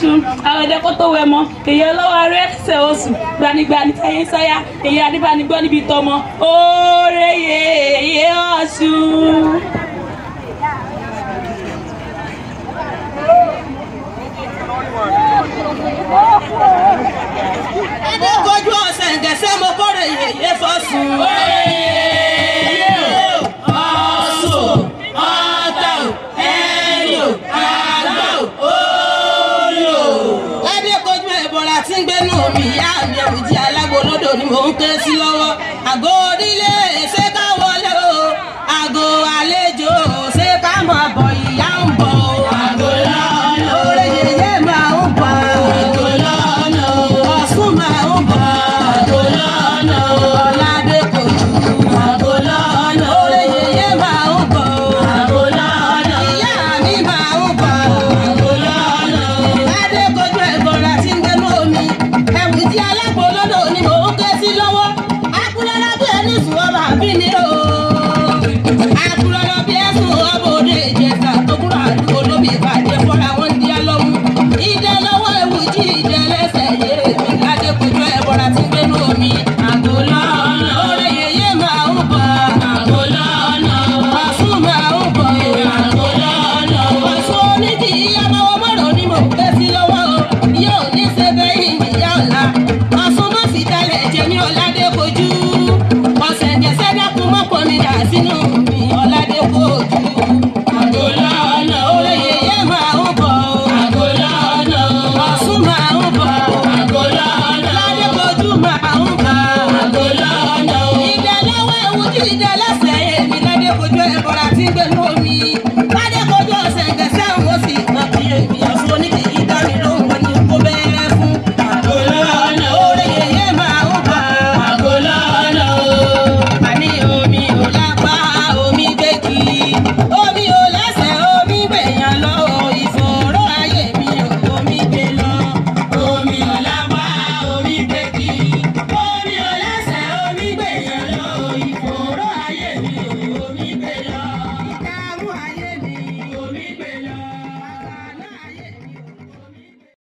iṣu àwọn ẹ̀dẹ́ kó tó wẹ mọ́ èyí ọlọ́wọ́ aré ẹ̀sẹ̀ oṣù gbanigbani tẹ́yẹ sọ́yà èyí adébánigbọ́ níbi tọmọ oore yẹ tí ń gbénu mi ìyá mi àwùjẹ alágbo lódò ni mò ń ké sí lọ́wọ́ àgọ́ orílẹ̀ èsè ká.